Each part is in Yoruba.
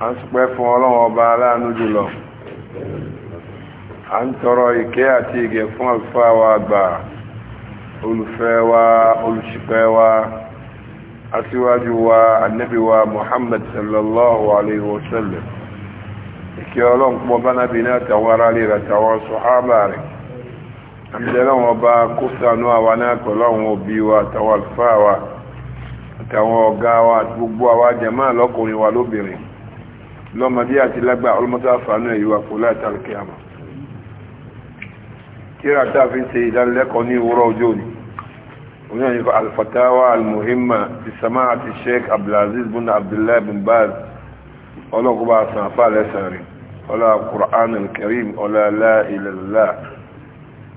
a ń sọpẹ́ fún ọlọ́wọ́ ọba aláàánú jùlọ a ń tọrọ ìkẹ́ àti ìgẹ̀ fún àlùfáà wa àgbà olùfẹ́ wa olùṣìpẹ̀ wa aṣíwájú wa annabi wa muhammad sallallahu alaihi wasallam ìkẹ́ ọlọ́nkpọ̀ bánábi náà tàwọn ará lè rà tàwọn sọ̀hábà rẹ̀ àmìlẹ́lọ́wọ́ ọba kó àwa náà pẹ̀lú òbí wa àtàwọn àlùfáà wa àtàwọn ọ̀gá wa gbogbo àwa jàmáà lọ́kùnrin wa lóbìnrin lọ́mọdé àti lágbà ọlọ́mọsáfà náà yíwa kò látàrí kí a mọ̀ kíra tààfin ṣe ìdánilẹ́kọ̀ọ́ ní ìwúrọ̀ ọjọ́ òní oníyàn ní alfatawa almuhimma ti sama àti sheikh abdulaziz bin abdullahi bin baz ọlọ́kùnbà sanfà lẹ́sàrin ọlá qur'an alkarim ọlá láìlẹ̀lá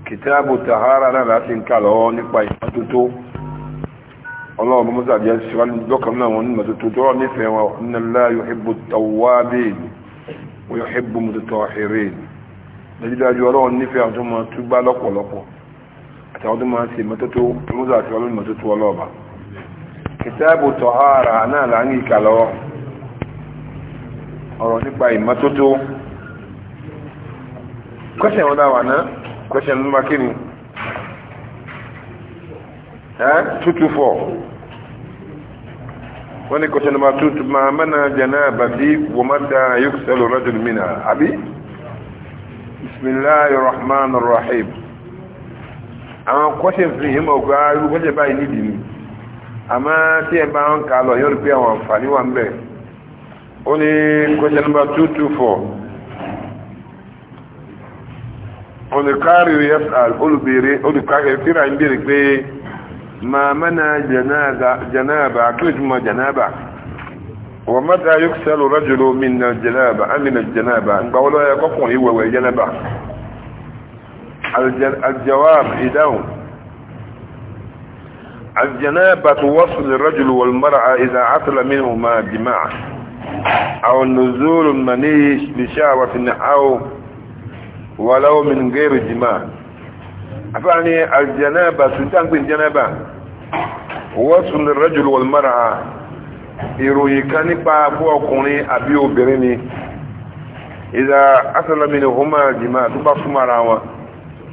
kìtàbù tàhárà náà láti ń kà lọ́wọ́ nípa ìmọ́tótó اللهم مزعب يسرن ذكرنا ونمة تدرني فإن الله يحب التوابين ويحب المتطهرين نجد أجوارون نفع ثم تبا لقو لقو أتعود ما سيمتتو مزعب المتتو ولوبا كتاب طهارة أنا لعني كالو ọ̀rọ̀ nípa ìmọ́tótó question ọ̀dá wà náà question number kí ni 224 wani question number 2 ma mana janabati wa mata yuksalu rajul minha abi bismillahir rahmanir rahim question fi him o ga irú ba ni di ama tí ẹ bá ń kà wa fani rí mbe. wani àǹfààní wà ń bẹ ó ní question number olubere olùkárí yẹ́sà olùbèrè ما منع جنابة كلمة جنابة ومتى يكسل رجل من الجنابة من الجنابة قولا يقفون هو الجنابة الجواب إداهم الجنابة وصل الرجل والمرأة إذا عطل منهما جماع أو نزول المني لشعوة أو ولو من غير جماع afani aljanaba sultan bin janaba wasun lirajul wal mar'a ìròyìn kan nípa fún ọkùnrin àbí obìnrin ni ìdá asàlámìnì homa jìmá tó bá súnmọ́ ara wọn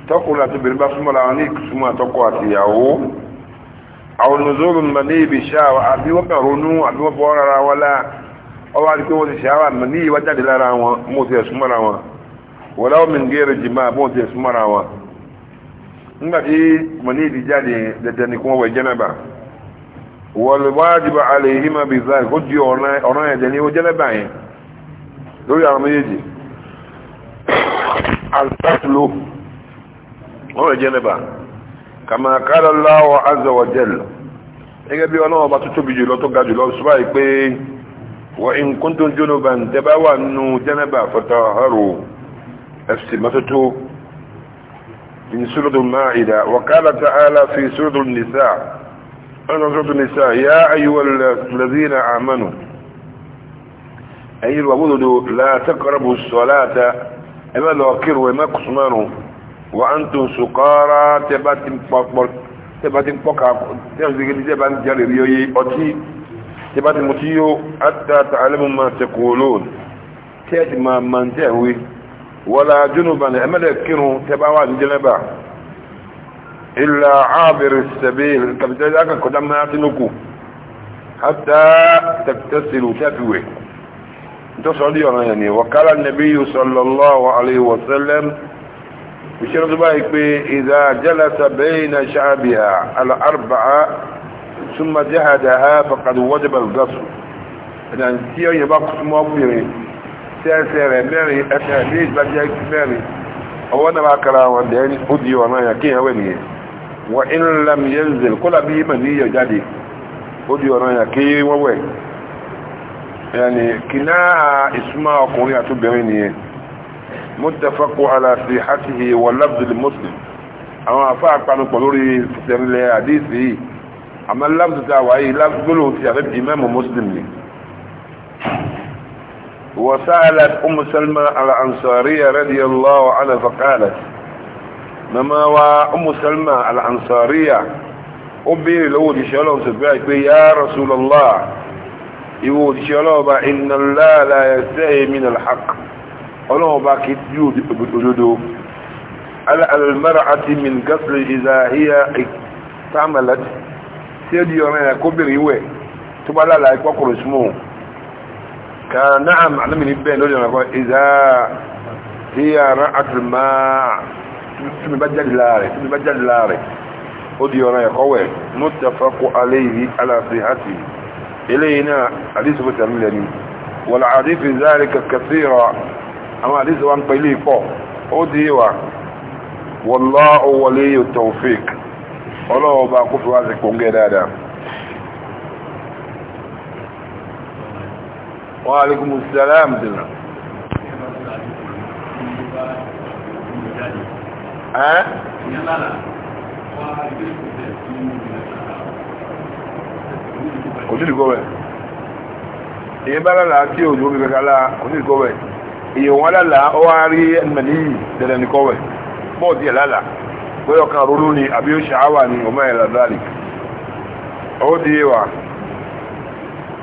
tọ́kùnrin àti obìnrin bá súnmọ́ ara wọn ní ìsúnmọ́ àtọ́kọ àti ìyàwó àwọn nùzọ́rùn mọ̀ ní ibi ṣáà àbí wọ́n bẹ̀rù nú àbí wọ́n bọ́ ara wọn lá ọwọ́ àti pé wọ́n ti ṣáà mọ̀ ní ìwájáde lára wọn mọ̀ ti ẹ̀súnmọ́ ara wọn wọ́n láwọn mìíràn jìmá mọ̀ ti ẹ̀súnmọ́ ara wọn nígbàtí mọ̀ní ìdí jáde dandan ni kí wọ́n wẹ̀ jẹ́nàbà wọ̀lùwájìbà alẹ́ ìhìmà bí zai kó di ọ̀ràn ẹ̀dẹ̀ ni ó jẹ́nàbà yẹn lórí àwọn méjèèjì alfáàtìlò wọ́n wẹ̀ jẹ́nàbà kàmà qala Allahu azza wa gẹ́gẹ́ bí ọlọ́wọ́ bá tó tóbi jùlọ tó ga jùlọ sọ báyìí pé wa in kuntum junuban tẹ́bá wà nù jẹ́nàbà fatahharu ẹ̀sìn mọ́tótó في سورة المائدة وقال تعالى في سورة النساء أنا سورة النساء يا أيها الذين آمنوا أي الوضد لا تقربوا الصلاة إما الوكر وما قصمانوا وأنتم سقارى تباتم فقبر تباتم فقع تباتم تباتم جريبيوي أتي تباتم متيو حتى تعلموا ما تقولون تأتي ما من تهوي ولا جنوبا امل كيرو تباوا جنبا الا عابر السبيل كبدا كان قدامنا تنكو حتى تكتسلوا تفوي انتو صلي يعني وقال النبي صلى الله عليه وسلم بشرط بايك اذا جلس بين شعبها الاربعه ثم جهدها فقد وجب القصر اذا انتي يبقى اسمه tí ẹsẹ̀ rẹ̀ mẹ́rin ẹsẹ̀ ní ìgbàjẹ́ mẹ́rin ọwọ́ náà kára wọn dẹ̀ ní ó di ọ̀nà yà kí ìyàwó ènìyàn wọ́n in lam yẹnzẹ̀ kó làbí ìmọ̀ ní ìyọ̀ jáde ó di ọ̀nà yà kí wọ́n wẹ̀ yàní kì náà ìsúnmọ́ ọkùnrin àtúbẹ̀rẹ̀ nìyẹn muttafaqu وسألت أم سلمة الأنصارية رضي الله عنها فقالت مما وأم سلمة الأنصارية أبي لود شلون سبعك يا رسول الله يود شلون إن الله لا يستحي من الحق ولو باكت جود على المرأة من قتل إذا هي تعملت سيدي يومين كبير يوي تبالا لا يكوكو اسمه قال نعم علمني بين لولي نقول إذا هي رأت الماء تبجل لاري تبجل لاري ودي وراء قوي متفق عليه على صحته إلينا حديث بتعملني والعديد في ذلك كثيرا أما حديث وان قيلي فوق ودي والله ولي التوفيق ولو باقف وازك ونجي دادا wa السلام salam dìnnà ẹ́ kò sí ìdíkọ́ rẹ̀ èyí bá lálàá tí òjò bí kẹkàlá kò sí ìdíkọ́ rẹ̀ èyí wọn lálàá ó wá rí ẹnìmẹ̀lì dẹ̀dẹ̀ nìkọ́ rẹ̀ bọ́ọ̀dì ẹ̀ lálàá pé ọkàn ronú ni àbí ó ṣàáwà ni ọmọ ẹ̀ lálàá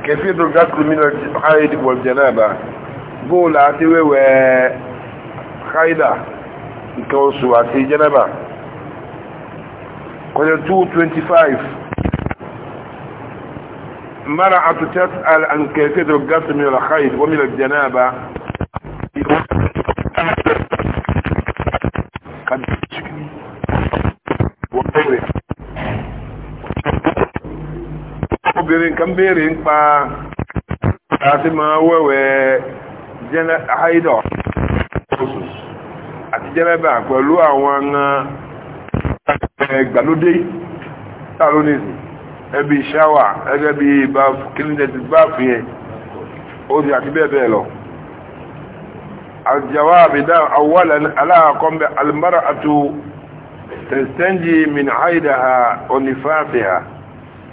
كيفية الغسل من الحيض والجنابة بول عتوي وخيدة كوسو عتي جنابة قال 225 مرأة تسأل عن كيفية الغسل من الحيض ومن الجنابة obìnrin nǹkan béèrè ń pa àti máa wẹ̀wẹ̀ jẹ́nẹ́ haidọ̀ oṣù àti jẹ́nẹ́bà pẹ̀lú àwọn ìgbàlódé tàlónìsì ẹbí ṣáwà ẹgẹ́ bí kílíndẹ̀tì bá fi ẹ̀ oṣù àti bẹ́ẹ̀ bẹ́ẹ̀ lọ الجواب ده اولا الا قم المرأة تستنجي من عيدها ونفاسها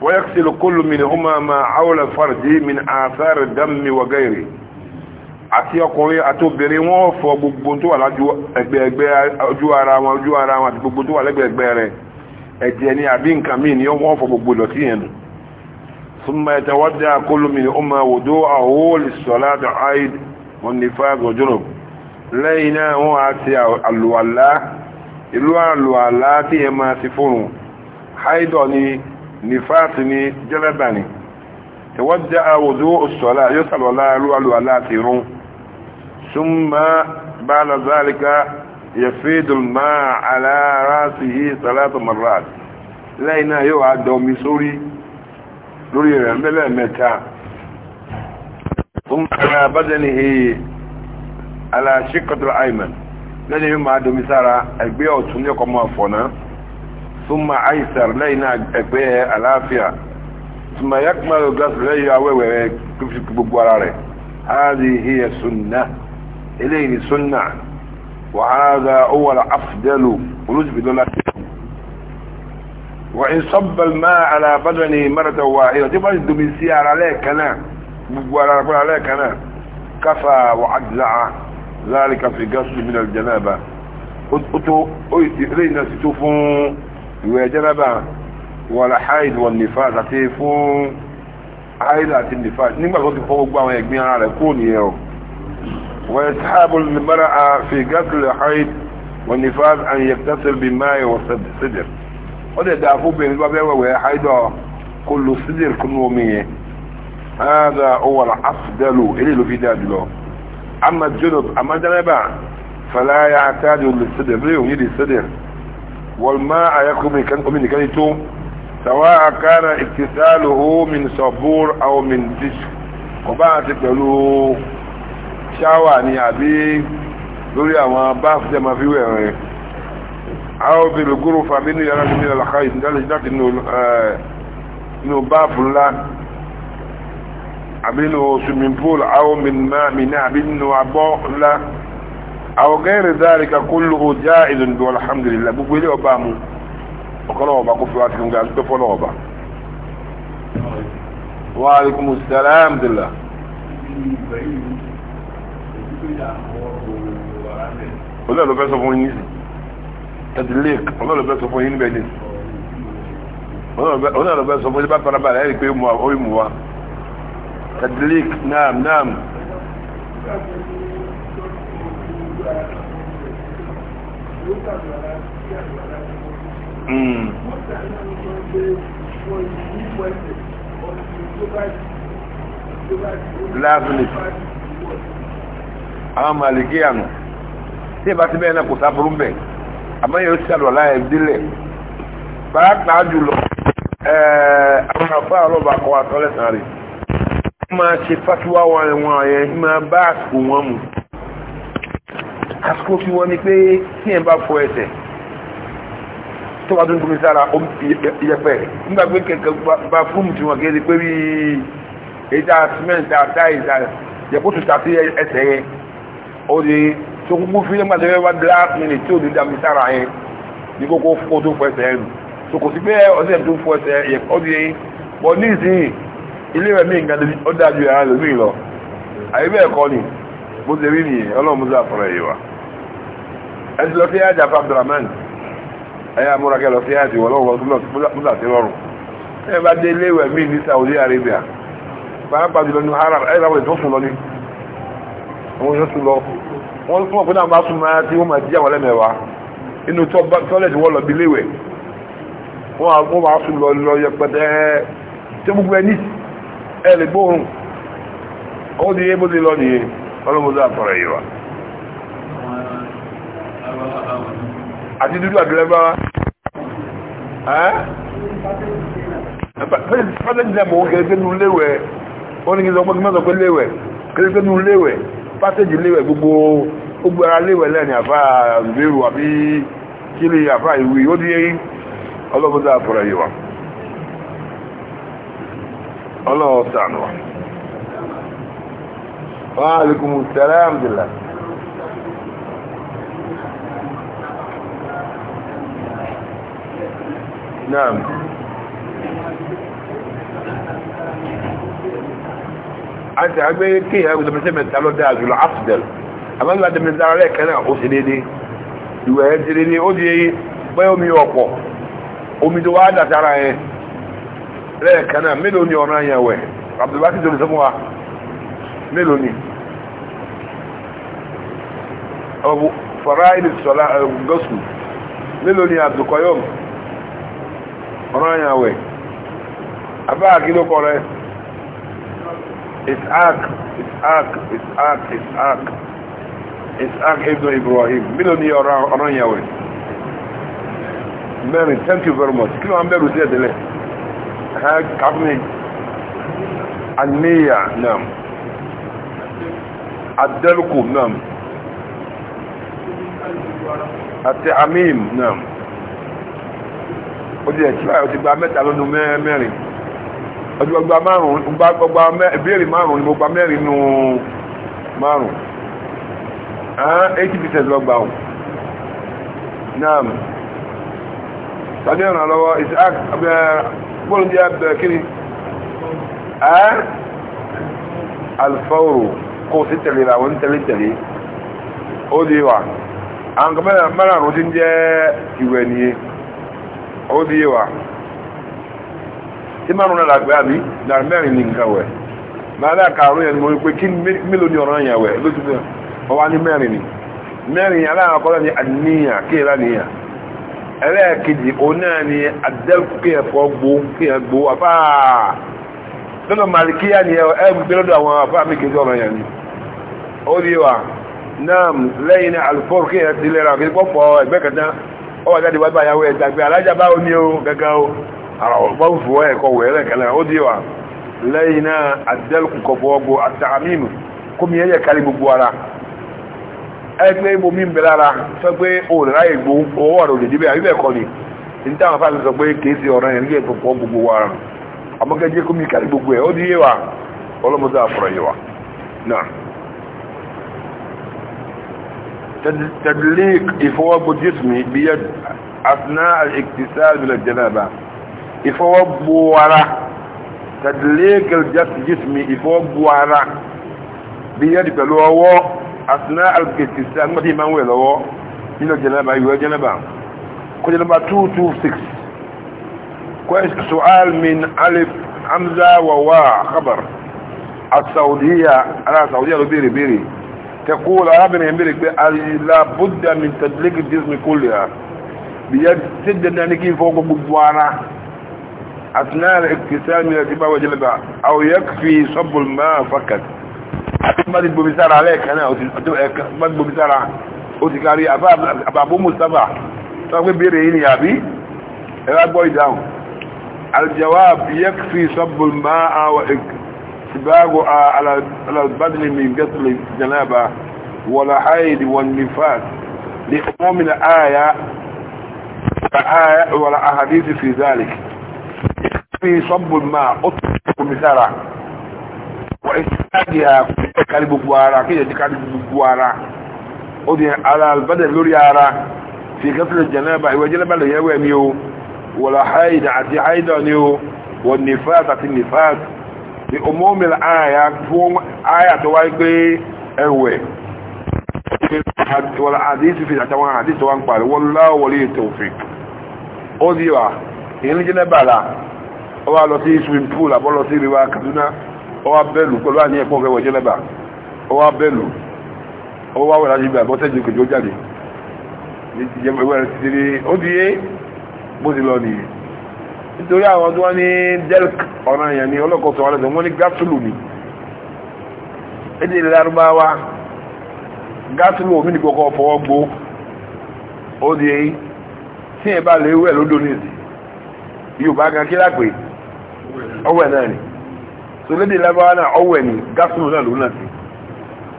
ويغسل كل منهما ما حول الفرج من آثار الدم وغيره àti ọkùnrin àti obìnrin wọ́n fọ gbogbo tó wà lájú ẹgbẹ̀ẹ̀gbẹ́ ojú ara wọn ojú ara wọn àti gbogbo tó wà lẹ́gbẹ̀ẹ̀gbẹ́ rẹ̀ ẹ̀jẹ̀ ni àbí nǹkan míì ni wọ́n fọ gbogbo lọ sí ẹnu súnmọ́ ẹ̀tẹ̀ wọ́n dá kólómìnì ó máa wòdó àwòólì sọ̀láàdà aid wọn ni fáàgì ọjọ́rò lẹ́yìn náà wọ́n á ti àlùwàlá ìlú àlùwàlá tí ẹ ni نفاق ني جلباني توجع وضوء الصلاة يسأل ولا يلوال ولا تيرون ثم بعد ذلك يفيد الماء على رأسه ثلاث مرات لأنه يوعد دومي سوري لوري رمبلا متى ثم على بدنه على شقة الأيمن لأنه يوعد دومي سارة أكبر وتنيكم وفونا ثم ايسر لينا اكبه العافية ثم يكمل القصر لي كيف هذه هي سنة اليه سنة وهذا هو الافضل ونجب دولة وإن صب الماء على بدني مرة واحدة تبقى من على عليك أنا وعلى عليك أنا كفى وعجزع ذلك في قصد من الجنابة قلت قلت ستفون ìwẹ̀ jẹ́nàbà wọ̀lá haid wọ̀n nìfà àti fún haid àti nìfà nígbàtí ó ti fọ́ gbogbo àwọn ẹ̀gbin ara rẹ̀ kó nìyẹn o wọ́n yẹ sáàbù mara a fi gásìlẹ̀ haid wọ̀n nìfà àti yẹ̀kẹ́sẹ̀ bí máyẹ̀ wọ̀ sídìr ó dẹ̀ dáa fún bẹ̀rẹ̀ bẹ́ẹ̀ wẹ̀wẹ̀ haid kó lo sídìr kún omi yẹn hada owó la afdalu eléyìí ló fi dáa jùlọ amma junub amma janaba fala ya tajo lè sídìr lè والماء يقوم من كنتم سواء كان اكتساله من صبور او من دشك وبعد تقولوا شاواني ابي lórí àwọn báàfù jẹ́ ma fi wẹ̀ rẹ̀ àwọn obìnrin gúrù fàmí ní yàrá nínú ìlàkà eh, ìdílé láti inú báàfù ńlá àbínú swimming pool àwọn mìíràn àbínú abọ́ ńlá أو غير ذلك كله جائز والحمد لله بقولي أبامو وقالوا أبا قفوا أتكم قال تفلوا أبا وعليكم السلام دلله ọlọ́run ló fẹ́ sọ fún yín sí tẹ̀tìlẹ́k ọlọ́run ló fẹ́ sọ fún yín níbẹ̀ ní ọlọ́run ló fẹ́ sọ fún yín bá paraba rẹ̀ rí pé ó mú wa tẹ̀tìlẹ́k náàm náàm. Hmm. láàbùnì àwọn màlìkí ànù tí ìbá ti bẹ́ẹ̀ náà kò sáburú bẹ̀ àmọ́yẹ̀ ó sàlọ̀ láyé dílẹ̀ pàápàá jùlọ àwọn afọ́ àlọ́bà kọ́ àtọ́lẹ̀sàn rẹ̀ máa ṣe fásitì wáwọn ẹ̀wọ̀n ayẹ́ máa bá àsìkò wọn mú àsìkò fi wọ́n ni pé tí ẹ̀ bá fọ ẹsẹ̀ tó bá tó ń gbomi sára ìyẹ̀pẹ̀ nígbà pé kẹ̀kẹ́ bá fúùmù tí wọ́n kéde pé bí ìdá cement àtà ìdá yẹ̀pọ̀ tó tàbí ẹsẹ̀ yẹn ó di tó kúkú fi nígbà tó yẹ wá dá mìíràn tí ò ní dàmí sára yẹn ní kókó fọ́ tó fọ ẹsẹ̀ yẹn tó kò sí pé ọ̀sẹ̀ tó fọ ẹsẹ̀ yẹn ó di bọ̀ ní ìsìn ilé rẹ̀ mí nǹkan ó dájú ẹ̀ àyẹ̀bẹ̀ ẹ̀kọ́ ni bó ọlọ́run mú sáà fọ́nà yìí wa ẹni lọ sí àjà fún abdulrahman ẹ̀yà amúrakẹ́ lọ sí àjì wọ́lọ́wọ́ múlà sí rọrùn bá dé iléèwẹ̀ míì ní Saudi Arabia pàápàá jùlọ ní haram ẹ̀yà wọ́n tó sùn lọ ní àwọn yóò sùn lọ wọ́n tún ọ̀pẹ́ náà bá sùn máa tí wọ́n máa jí àwọn ẹlẹ́mẹ̀wá inú tọ́lẹ̀tì wọ́n lọ bí iléèwẹ̀ wọ́n máa sùn lọ lọ yẹpẹtẹ tí gbogbo ẹni ẹ̀ lè gbóhùn ó di ebó ti lọ nìyẹn ọlọ́mọdé àtọ̀rẹ̀ yìí wa àti dúdú àdúrẹ́báwá pátẹ́jì náà mọ̀ ó kéré pẹ́nu léwẹ̀ ó ní kí sọ pé mẹ́sàn pé léwẹ̀ kéré pẹ́nu léwẹ̀ pátẹ́jì léwẹ̀ gbogbo gbogbo ara léwẹ̀ lẹ́ni àfá zubairu àbí kílì àfá ìwé ó díye ọlọ́bọ̀dá àfọ̀rọ̀ yìí wa ọlọ́ọ̀sán wa wa alaikum salaam àmdìlá náà àti àgbé kéèyàn gbèsè mẹsẹ mẹ́ta lọ dáa jùlọ afdal àmọ́ nígbà tẹ̀mí sára lẹ́ẹ̀kan náà ó ṣe déédéé ìwẹ̀ ẹ̀ ṣe déédéé ó di bẹ́ẹ̀ omi ọ̀pọ̀ omi tó wá dàtara yẹn lẹ́ẹ̀kan náà mélòó ni ọ̀ràn yẹn wẹ̀ abdulbaki tó lè sọ fún wa mélòó ni fara ilé sọlá gọ́sù mélòó ni abdulkoyom ọ̀ranyàn àwẹ̀ abáà kí ló kọ rẹ̀ ishaq ishaq ishaq ishaq ishaq ibn ibrahim mílò ní ọ̀ranyàn àwẹ̀ mẹ́rin thank you very much kí ló wà ń bẹ̀rù sí ẹ̀dẹ̀lẹ̀ kàbíní àníyà náà àdẹ́lùkù náà àti àmìm náà ó ti ẹ̀tí báyìí ti gba mẹ́ta lọ́nu mẹ́rin ó márùn-ún ìbéèrè márùn ni mo gba mẹ́rin nù márùn-ún ahán percent lọ gbà ó naam lọ́wọ́ isaac bọ́ọ̀lù jẹ́ abẹ́rẹ́ kiri ahán alfawro kó sí tẹ̀lé ra wọ́n tẹ̀lé tẹ̀lé ó di wà àwọn kan mẹ́rin ti ń jẹ́ ìwẹ̀ nìyẹn ó di wa tí márùn náà làgbé àbí dàrí mẹ́rin ní nǹkan wẹ̀ máa dá kàrún yẹn ni mo rí pé kí mélòó ni ọ̀rọ̀ yẹn wẹ̀ lójú náà wọ́n wá ní mẹ́rin ni mẹ́rin yẹn aláwọ̀ kọ́lá ni àníyàn kí ẹ̀rá nìyàn ẹlẹ́ẹ̀kejì òun ni àdẹ́kù kí ẹ̀fọ́ gbó kí gbó afáà lọ́nà màlìkíyà ni ẹ gbé lọ́dọ̀ àwọn afa mi kejì ọ̀rọ̀ yẹn ni ó wa naam lẹ́yìn alùpùpù kí ti lẹ́ra kí ẹ̀ pọ̀ kẹta ọwọ́ jáde wá bá yàwó ẹ̀dá pé alájà báwo ni o gẹ́gẹ́ o àwọ̀fọ́fọ́ ẹ̀kọ́ wẹ̀ẹ́rẹ̀ kẹlẹ̀ ó dí wa lẹ́yìn náà àdẹ́lùkù kọ̀bọ̀ọ̀gbọ̀ àtàmìmù kó mi ẹ̀yẹ kárí gbogbo ara ẹgbẹ́ ibo mi ń bẹ̀rẹ̀ ara sọ pé o lè ráyè gbó owó ọ̀rọ̀ òdè díbẹ̀ àbíbẹ̀ kọ́ ni ní táwọn afáàlì sọ pé kìí ṣe ọ̀rọ̀ yẹn nígbà ìpọ̀pọ̀ gbogbo wa àmọ́kẹ́jẹ́ kó mi kárí gbogbo ẹ̀ ó dí wa ọlọ́mọdé àfọ̀rọ̀ تدليك إفواب جسمي بيد أثناء الاكتسال من الجنابة إفواب وراء تدليك الجسم جسمي إفواب وراء بيد بلوه أثناء الاكتسال ما دي ما هو من الجنابة أيها الجنابة كل نمبر 226 كويس سؤال من ألف حمزة وواء خبر السعودية أنا السعودية بيري بيري تقول عربنا يمرك لا بد من تدليك الجسم كلها بيجد أنك فوق بدوانا أثناء الاكتسام من الإباء وجلبها أو يكفي صب الماء فقط ما تبقى بسارة عليك أنا ما تبقى بسارة أتكاري أبابو مصطفى تقول بيرين يا أبي أبابو داون الجواب يكفي صب الماء وإكتسام سباغ على على البدن من قتل الجنابة ولا حيد والنفاس لعموم الآية آية ولا أحاديث في ذلك في صب الماء أطلق مثالا وإستاجها كالب بوارا كده كالب بوارا أدي على البدن لوريارا في قتل الجنابة وجنبه ليوميو ولا حيد عتي حيدانيو والنفاس عتي النفاس ní omomil aya fún aya tó wáyé pé ẹwẹ̀ wọ́n àdísì fi àtàwọn àdísì wọ́n parí wọ́n láwọlé tòfik ó di wà ìyẹn jẹ́ bàlá ó wá lọ sí swimming pool àbọ́ lọ sí ríwá Kaduna ó wá bẹ́ẹ̀lù pẹ̀lú àníyàn pọ̀ fẹ́wọ̀ jẹ́ lẹ́bà ó wá bẹ́ẹ̀lù ó wá wẹ̀rẹ̀ àjíbẹ̀ àbọ́sẹ̀jì kòjó jáde ó di yé bó ti lọ nìyí nítorí àwọn tó wá ní delk ọ̀nà èèyàn ní ọlọ́kọ̀ sọ̀rọ̀ lẹ́sẹ̀ wọ́n ní gátùlù ni èdè ilẹ̀ gátùlù òfin ní kọ́kọ́ fọwọ́ gbó ó di èyí tí ẹ̀ bá lè wẹ̀ lódò ní ìsìn yóò bá gan kí lápè ọwẹ́ náà ni tó lédè náà ni gátùlù náà náà sí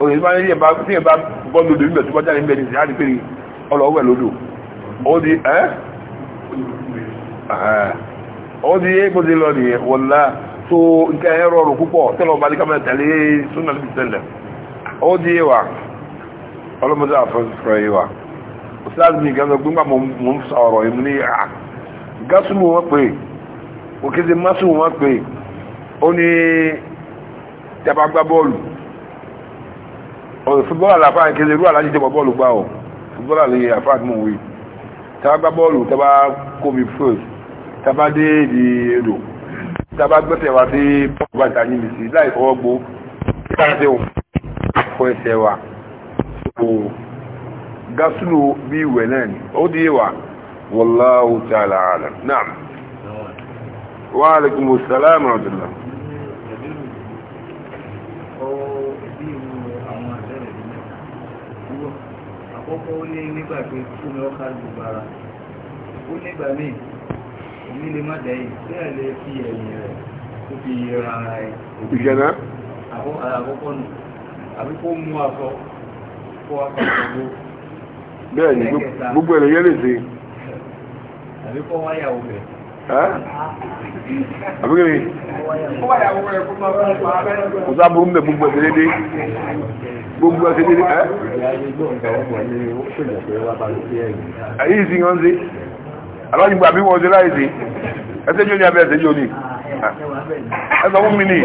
òyìn tí wọ́n ní tí ẹ̀ bá lódò níbẹ̀ tó bá jáde ó di yé gbọ́dé lọ nìyẹn wọ̀lá tó nǹkan ẹ̀rọ rọrùn púpọ̀ tẹ́lọ̀ bá ní ká máa tẹ̀lé súnà níbi tẹ́lẹ̀ ó di yé wa ọlọ́mọdé àfẹ́fẹ́ yé wa òsíláàdì mi gan gbé gbà mò ń sọ ọ̀rọ̀ yìí ní à ah, gásùmù wọn pè òkéde másùmù wọn pè ó ní tẹ́bà gbá bọ́ọ̀lù fútbọ́ọ̀lù àlàfáà kéde irú àlájí tẹ́bà bọ́ọ̀lù gbá ọ̀ fútbọ́ọ̀lù àlàfáà mú tàbá dé èdè èdò tàbá gbẹ́sẹ̀ wá sí pọ́ọ̀lù bá ìta níbi sí láì fọwọ́ gbó kíkàtẹ́ ò fọ ẹsẹ̀ wa so gásùlù bí ìwẹ̀ náà ni ó di wà wallahu ta'ala alam naam wa alaikum assalam wa ó nígbà mi mùsùlùmí lè má dẹ̀yìn bẹ́ẹ̀ lè fi ẹ̀yìn rẹ̀ tó fi ra ara ẹ̀. ìjẹ̀nà. àkọ́kọ́ nù àbí kó mú aṣọ kó aṣọ gbogbo. bẹ́ẹ̀ ni gbogbo ẹ̀rẹ̀ yẹn lè ṣe. àbí kó wáyàwó rẹ̀. àbí kí ni. kó wáyàwó rẹ̀ kó máa fún wa bẹ́ẹ̀. kò sáà burú mbẹ gbogbo ẹ̀sẹ̀ dédé gbogbo ẹ̀sẹ̀ dédé. ẹ̀yìn alájùgbà bí wọ́n ṣe láìsí ẹsẹ́ jóní abẹ́ ẹsẹ́ jóní ẹsọ fún mi ní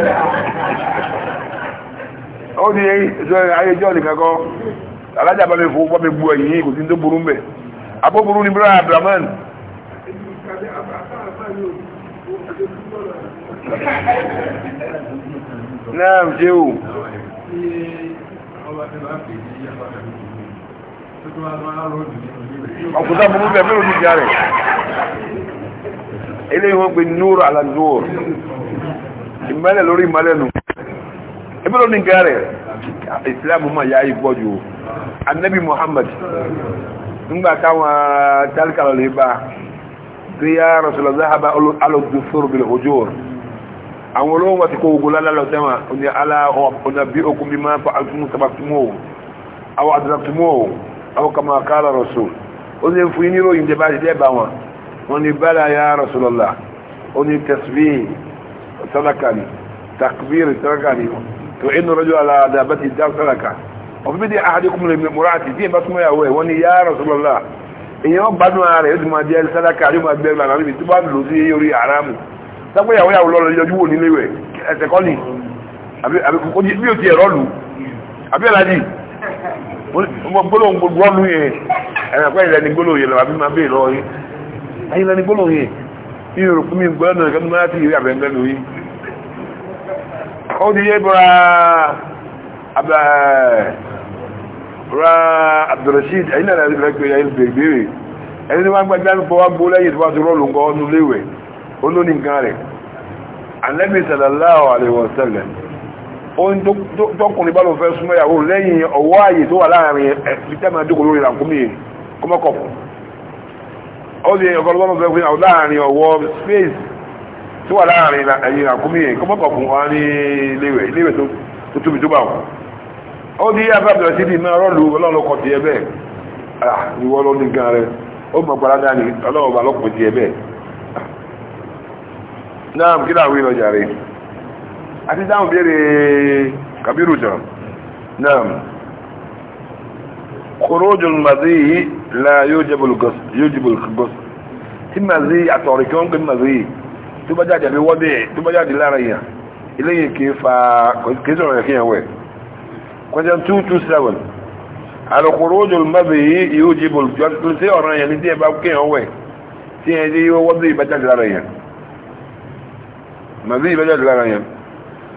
ó ní ayéjọ́ nìkan kọ́ alájà bá mi fò bá mi gbọ́ ẹ̀yìn kò sí tó burú mbẹ̀ abóburú ni brother abdulrahman náà ṣe o ọkùnrin àbúrú bẹ́ẹ̀ mẹ́rin olùdíjà rẹ̀ eléyìí wọ́n pe nóòrò alanóòrò ìmọ́lẹ̀ lórí ìmọ́lẹ̀ nù ẹgbẹ́ lónìí nǹkan rẹ̀ ìsìlámù máa yá igbó jù anabi muhammad nígbà táwọn tálíkàlọ̀ lè bá tí yá rasulọ̀ záhàbá alọ́dúnfòrò bìlẹ̀ ojú ọ̀rọ̀ àwọn olóhùn wọ́n ti kó ogun lálálọ́ tẹ́wà oní aláhọ̀ ọ̀nà bí okùn bí máa fa aw kama qala rasul ó ní fún yín ròyìn jẹba ṣe dẹ́ba wọn wọn ni bala ya rasulullah ó ní tasbih sadaka ni takbir sadaka ni tó inú rajul ala adabati dá sadaka ọ̀fẹ́ bí di ahadikum lè mura àti díẹ̀ bá súnmọ́ ìyàwó ẹ̀ wọ́n ni ya rasulullah èyàn gbádùn ara rẹ̀ ó ti máa jẹ́ sadaka àti máa gbẹ́gbẹ́ àná níbi tó bá lò sí orí àrámù sápẹ́ ìyàwó ìyàwó lọ́rọ̀ yọjú wò nílé rẹ̀ ẹ̀sẹ̀ kọ́ ni àbí kò bí ó ti ẹ̀rọ lù àbí ọ̀làjì gbólóhùn gbogbo ọ̀nù yẹn ẹ̀rọ pẹ́ ìlẹ́ni gbólóhùn yẹn lọ àbí máa bèèrè lọ́wọ́ yìí ẹ̀yìn ìlẹ́ni gbólóhùn yẹn yìí rò fún mi gbọ́nà ìkẹ́nu máa ti rí àbẹ̀ǹdẹ́ lórí ó ti yé bọ́ra abẹ́ ra Abdulrasheed ẹ̀yìn náà rẹ̀ pé ẹ̀yìn bèèrè ẹni tí wọ́n gbá jáde fọwọ́ gbó lẹ́yìn tó bá ti rọ́ọ̀lù ńkọ́ ọ́nú léwẹ̀ ó lóní nǹkan rẹ̀ Ànábì sallallahu alaihi wasallam oun tọkùnrin bá lọ fẹ́ súnmọ́ ìyàwó lẹ́yìn ọwọ́ ààyè tó wà láàrin ẹ̀fìtẹ́mà dúkò lórí ìrànkúmí kọmọkọ̀pù ó di ọgọlọ́gbọ́n fẹ́ fún ìyàwó láàrin ọwọ́ space tó wà láàrin ẹ̀yìn ìrànkúmí kọmọkọ̀pù wọn ní iléèwé tó tóbi tó bá wọn ó di abábẹ̀rẹ̀ sí ibi máa rọ́ọ̀lù ọlọ́ọ̀lọ́kọ̀ ti ẹ bẹ́ẹ̀ ìwọ lọ nìkan rẹ ó mọ̀ gbàládà ní ọlọ́ọ̀bà lọ́pọ̀ ti ẹ bẹ́ẹ̀ náà kí láàrin ọjà rẹ̀ àti dáhùn bèèrè kàbírù jọrọ̀ náà kòrójùn mazí la yóò jẹ́bùl gọ́s tí mazí àtọ̀rì kí wọ́n gbé mazí tó bá jáde àbí wọ́dẹ̀ tó bá jáde lára èèyàn iléyìn kí fa kìíṣọ̀rọ̀ ẹ̀kí ẹ̀wẹ̀ question 227 alùkòrójùn mazí yóò jẹ́bùl gọ́s tó sí ọ̀rọ̀ èèyàn ní tí ẹ bá kí ẹ̀wẹ̀ tí ẹ jẹ́ yóò wọ́dẹ̀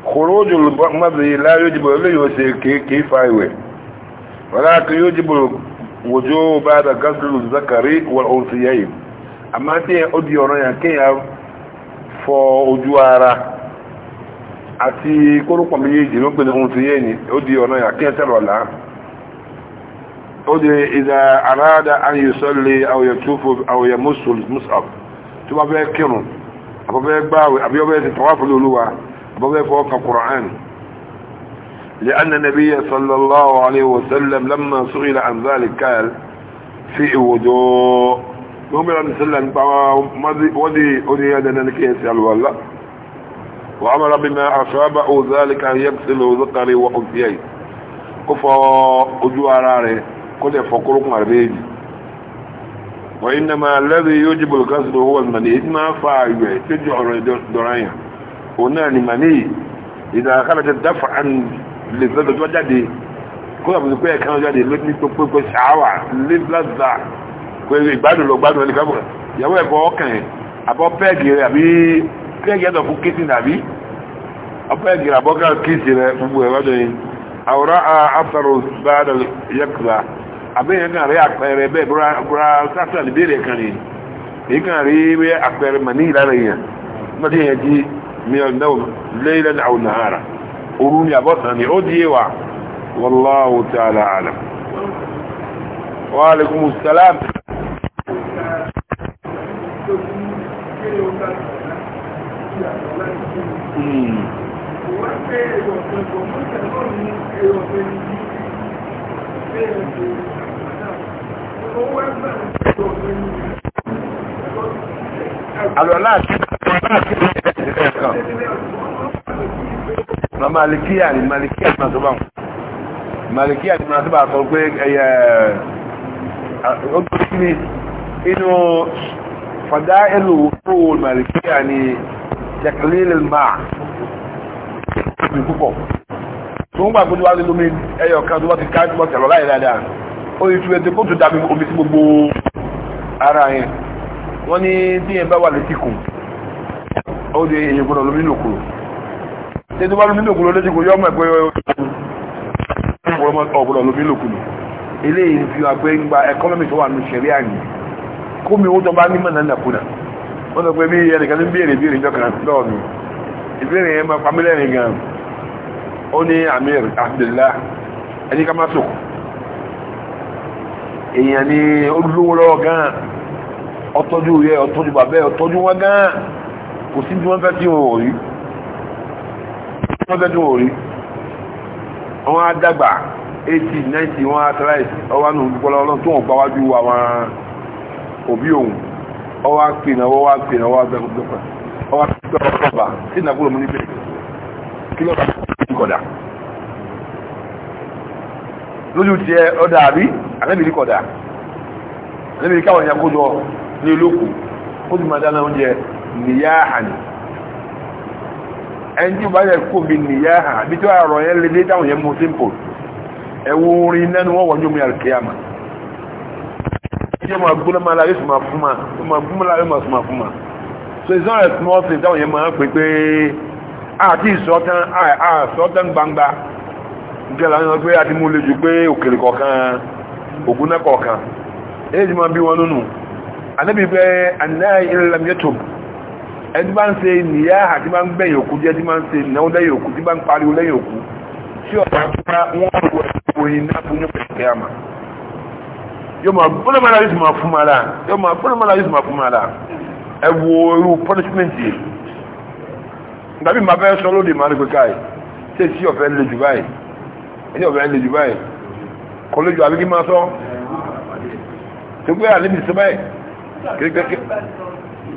خروج المضي لا يجب عليه كيف ايوه ولكن يجب الوجوب بعد غسل الذكر والانثيين اما تي اودي اوران كان fọ ojú ara àti kórópọ̀ méjèèjì ló pè ní ohun tí yé ní ó di ọ̀nà àkíyàn tẹ́lọ̀ ọ̀la ó di ìdá aráàdá ayùsọ́lẹ̀ àwòyẹ̀ túfò àwòyẹ̀ mùsùlùmí tó bá fẹ́ kírun àbọ̀fẹ́ gbáwẹ̀ àbíọ́fẹ́ ti tọwáfẹ́ olúwa بضيف وقف قرآن لأن النبي صلى الله عليه وسلم لما سئل عن ذلك قال في وضوء يوم الأمر صلى الله عليه وذي أريدنا لكي يسأل والله وأمر بما أصابه ذلك أن يغسل ذكري وأنثيي كفى أجواراره كل فقرق مربيج وإنما الذي يجب الكسر هو المني ما فاعله تجعل درعيه òun náà ni màní ìdá kálájà dáfà án lè lọ́dọ̀ tó jáde kó àbùsù pé ẹ̀ka jáde ló ní pé pé ṣáwà lè lọ́dà pé ìgbádùn lọ gbádùn ẹni kábọ̀ ìyàwó ẹ̀kọ́ ọkàn àbọ̀ pẹ́ẹ̀gì rẹ̀ àbí pẹ́ẹ̀gì ẹ̀dọ̀ fún kéṣì nàbí ọpẹ́ẹ̀gì rẹ̀ àbọ̀ kéṣì rẹ̀ gbogbo ẹ̀ wájú yìí àwòrán afẹ́rò báadà yẹ́kùlá àbẹ́yẹn kan rí àpẹẹrẹ bẹ́ẹ̀ búra sátà níbẹ̀rẹ̀ kan ni èyí kan rí àpẹẹrẹ màní ìlànà yẹn mọ́tí yẹn jí من النوم ليلا أو نهارا بطني أبطني أدي والله تعالى أعلم وعليكم السلام hmm. Alọ́lá àti na malikiya ni malikiya ni masoba malikiya ni masoba sọ ni inu fàdá ẹlù fún ni jẹkìlílì máa ní púpọ̀ tó gbogbo ara ó di èyí gbọ́dọ̀ lómi lòkùrò tí tó bá lómi lòkùrò lójú kò yọ ọmọ ẹgbẹ́ ọgbọ́dọ̀ lómi lòkùrò eléyìí fi wà pé ń gba ẹkọ́nọ́mì tó wà ní ṣẹ̀rí àyè kó mi ó jọba nímọ̀ náà nàkúnà wọ́n sọ pé bí ẹnìkan ní béèrè béèrè jọkàn lọ́ọ̀ mi ìbéèrè yẹn máa pamílẹ̀ rìn gan ó ní amir abdullah ẹni ká má sòkò èèyàn ni olówó lọ́wọ́ gan ọtọ́jú rẹ ọtọ́jú bàbẹ́ ọtọ́jú wọn gan kò sí tí wọ́n fẹ́ tí wọ́n rí wọ́n fẹ́ tí wọ́n rí wọ́n á dàgbà 80 90 wọ́n á tẹ́láìsì ọwá nù gbọ́lọ́ ọlọ́run tó wọ́n gbá wájú àwọn òbí òun ọwá pènà ọwá pènà ọwá gbẹgbẹgbẹ ọwá gbẹgbẹgbẹ sí ìnàgbọ́lọ́mù níbẹ̀ kí lọ́ba nìyáhàn ẹni tí ó bá yẹ kó bí nìyáhàn àbí tí ó àrọ̀ yẹn lè dé táwọn yẹn mú simple ẹwú orin lẹ́nu wọ́n wọ́n yóò mú alkiyama yóò máa gbóná máa láyé sùnmà fún ma yóò máa gbóná láyé máa sùnmà fún ma so it's not a small thing táwọn yẹn máa ń pè pé àti ìsọ̀tán àìsọ̀tán gbangba nígbà láwọn yẹn pé àti mú lè ju pé òkèlè kọ̀ọ̀kan ògúnná kọ̀ọ̀kan èyí ti máa bí wọn nínú ànábì bẹ́ẹ̀ àná ìlànà yẹtò ẹni bá ń ṣe nìyá àti máa ń gbẹ̀yìn òkú jẹ́ tí máa ń ṣe ìnáwó lẹ́yìn òkú tí máa ń pariwo lẹ́yìn òkú tí ọ̀rọ̀ àtúntà wọ́n rò ẹ̀kọ́ iná fún ní pẹ̀lẹ́ àmà yóò máa gbọ́dọ̀ máa láyé máa fún mara yóò máa gbọ́dọ̀ máa láyé máa fún mara ẹ wo irú punishment yìí tàbí màá fẹ́ sọ lóde màá nípa káyì tí èsì ọ̀fẹ́ lè jù báyìí ẹni ọ̀fẹ́ lè jù báyìí kọ́lẹ́jù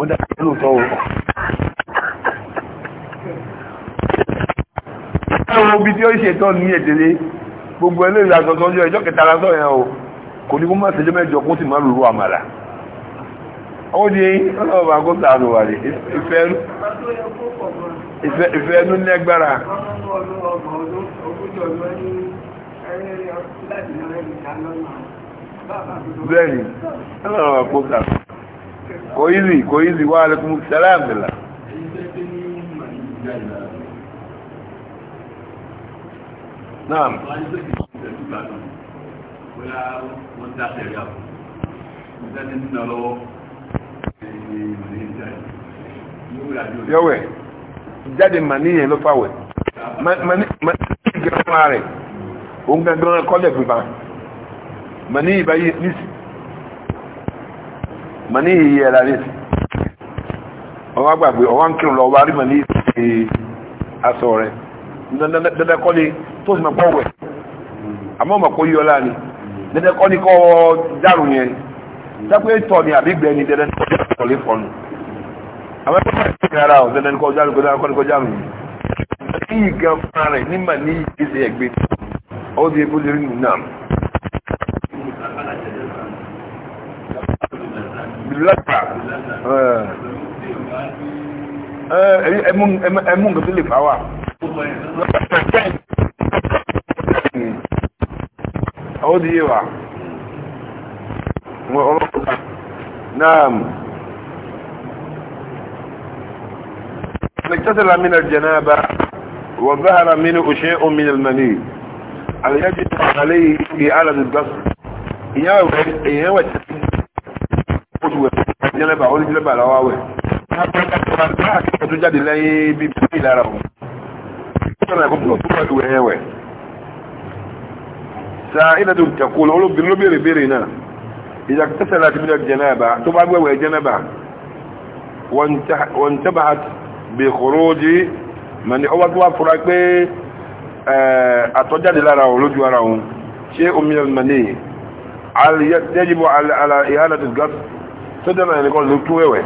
ó dá sí lóòótọ́ o. ẹ̀rọ ibi tí ó ṣètò ní ètèlé gbogbo eléyìí àtọ̀tọ̀ ọjọ́ ìjọ kẹta lásọ̀ yẹn o kò ní kó má ṣèjọ́ mẹ́jọ kó sì má lòlú àmàlà ó di ọlọ́ọ̀bà kó sàánù wà lè ìfẹ́ ẹnu ní agbára bẹ́ẹ̀ni ọlọ́ọ̀bà kó kò ízì kò ízì wà lẹ́kùn sẹ́lẹ̀mìlà náà yọ̀wẹ̀ jáde màníyàn ló fàwẹ̀ màníyàn gẹ̀rọ rẹ̀ òun gẹ̀gẹ̀rọ kọ́lẹ̀ pípa màníyàn báyìí nísì mani yìí yẹ ẹ̀rọ a ọwọ́ àgbàgbé ọwọ́ ń kírun lọ ọwọ́ ni tó sì máa wẹ̀ àmọ́ ọmọ yíyọ láàrin ni kọ́ ni àbí gbẹ ni kọ́ kọ́ lé fọ́nù àwọn ẹgbẹ́ máa ń ara ọ̀ kọ́ kọ́ yẹn rẹ̀ ní ẹ̀gbẹ́ lẹ́pà ẹmú nǹkan tó lè اكتسل من الجنابة وظهر منه شيء من المني هل يجب عليه إعادة يا ìyẹ́wẹ̀ jẹ́lẹ́bà ó ní jẹ́lẹ́bà lọ́wọ́ wẹ̀ tó jáde lẹ́yìn bí bí lára wọn sọ́nà ẹ̀kọ́ bùrọ̀ tó pẹ̀lú ẹ̀wẹ̀ sa ilẹ̀ tó tẹ̀kọ́ olóbìnrin ló béèrè béèrè náà ìjà tẹ́sẹ̀ láti bí jẹ́nàbà tó bá gbẹ̀wẹ̀ jẹ́nàbà wọ́n tẹ́bà bí kòrò jí mẹ́ni ọwọ́ tó wá fura pé àtọ́jáde lára wọn lójú ara wọn ṣé omi ẹ̀ sọ́jọ́nà ẹnìkan ló tún ẹ̀wẹ̀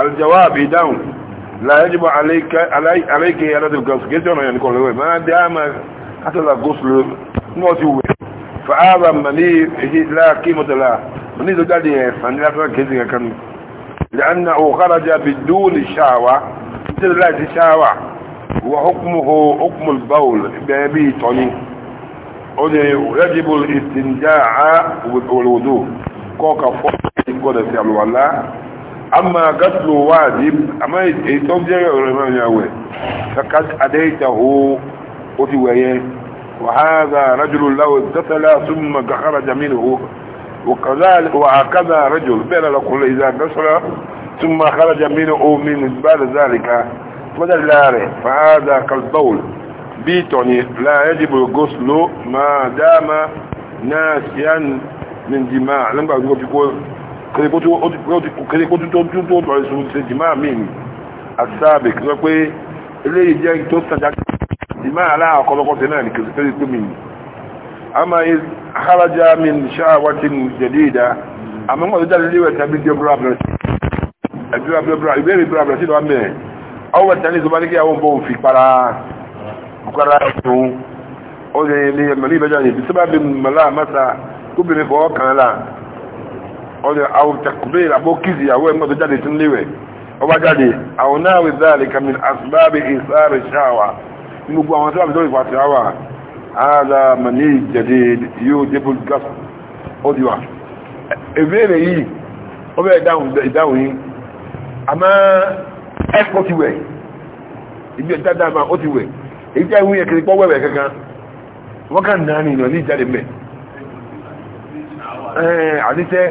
aljawab ìdáhùn láyéjìmọ̀ aláìkè aládùn gọ́ọ̀sù kéjọ́ ọ̀nà ẹnìkan ló wẹ̀ máa dé àmà kátàlá gọ́ọ̀sù ló ti wẹ̀ fa'ára mani èyí láàkí mọ́tàlá mani ló jáde ẹ̀sán ní látàlá kéjì kankan lẹ́nà òkàrà jẹ́ bí dúlì ṣáwa títí láti ṣáwa wà hukumu hukumul gbọ́dọ̀ sí àlùwàlá a máa gátùlù wà ní àmọ́ èyí tó ń jẹ́ ọ̀rọ̀ ìmọ̀ ìyá wẹ̀ kàkà àdéhìtà ó ó ti wẹ̀ yẹn wàhálà rájùlù láwọ̀ tẹ́tẹ́lá súnmọ̀ gàkàrà jamilu ó وهكذا رجل بين لكل إذا قصر ثم خرج منه من بعد ذلك بدل لاره فهذا كالبول بيتوني لا يجب الغسل ما دام ناسيا من دماء لما يقول kèrèkó tó tọ̀rọ̀ ìṣòro ṣe jìmá mi ni àtàbẹ̀ kí wọ́n pé eléyìí jẹ́ tó sàjá jìmá aláàkọ́lọ́kọ́ tẹ náà ni kèrèkó tó pè mí ni a máa yẹ haraja mi ní ṣáàwá tí mo jẹ̀dí ìdá àmọ́ wọ́n tó jáde léwẹ̀ tàbí jẹ́ búra bẹ̀rẹ̀ sí ìbéèrè búra bẹ̀rẹ̀ sí lọ́wọ́ mẹ́rin ọwọ́ tẹ̀lé tó bá ní kí àwọn bọ̀ fi para kọ́ra ẹ̀sùn ó lè ní ẹ̀mẹ̀rí ìbẹ́jáde bí sábà bí mọ̀lá mọ́ta kó bèrè fọ́ kàn án ọdẹ àwọn takbir abókìsì ìyàwó ẹ̀mọ́ tó jáde tí ń léwẹ̀ ọba jáde àwọn náà wí dáàlì kàmí asibábi ìsáàrì ṣáwà ní gbogbo àwọn sábà tó ìfà ṣáwà ààlà mani jẹ̀dẹ̀ yóò débò gáàsì ọdíwà ìbéèrè yìí ó bẹ̀rẹ̀ ìdáhùn yìí àmọ́ ẹ̀kọ́ ti wẹ̀ ibi ẹ̀dá dáàmà ó ti wẹ̀ èyí jẹ́ ìwé yẹn kiri pọ́ wẹ̀wẹ̀ kankan wọ́n kàn náà nìyàn ní ìjáde mẹ́ àdíṣẹ́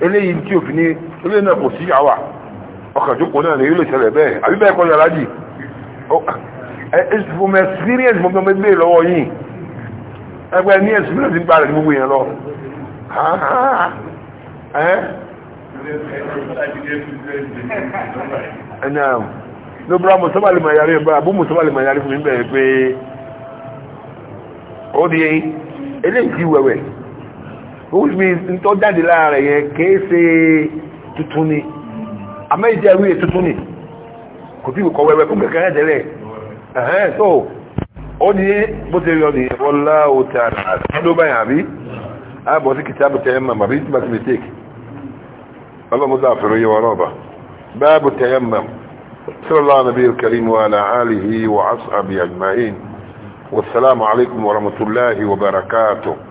eléyìí tí òfin ní eléyìí náà kò sí àwà ọkàjókòó náà lèyí lè ṣẹlẹ̀ bẹ́ẹ̀ àbí bẹ́ẹ̀ kọ́ yàrá jì from experience mo gbọ́n gbé lọ́wọ́ yìí ẹgbẹ́ ní experience nípa rẹ̀ gbogbo yẹn lọ ẹ̀nà lóbra mùsọ́bà lè máa yàrí ẹ̀bá àbú mùsọ́bà lè máa yàrí fún mi bẹ̀rẹ̀ pé ó di eléyìí ti wẹ̀wẹ̀ which means tó jáde lára rẹ̀ yẹn kìí ṣe tuntun ni àmọ́ ìjẹ́ ìwé tuntun ni kò tí kò wẹ́wẹ́ fún kẹ̀kẹ́ tẹ́lẹ̀ ẹ̀hẹ́n so ó ní bó ṣe yọ nìyẹn wọlá ó ta àdó báyìí صلى الله نبي الكريم وعلى آله وأصحابه أجمعين والسلام عليكم ورحمة الله وبركاته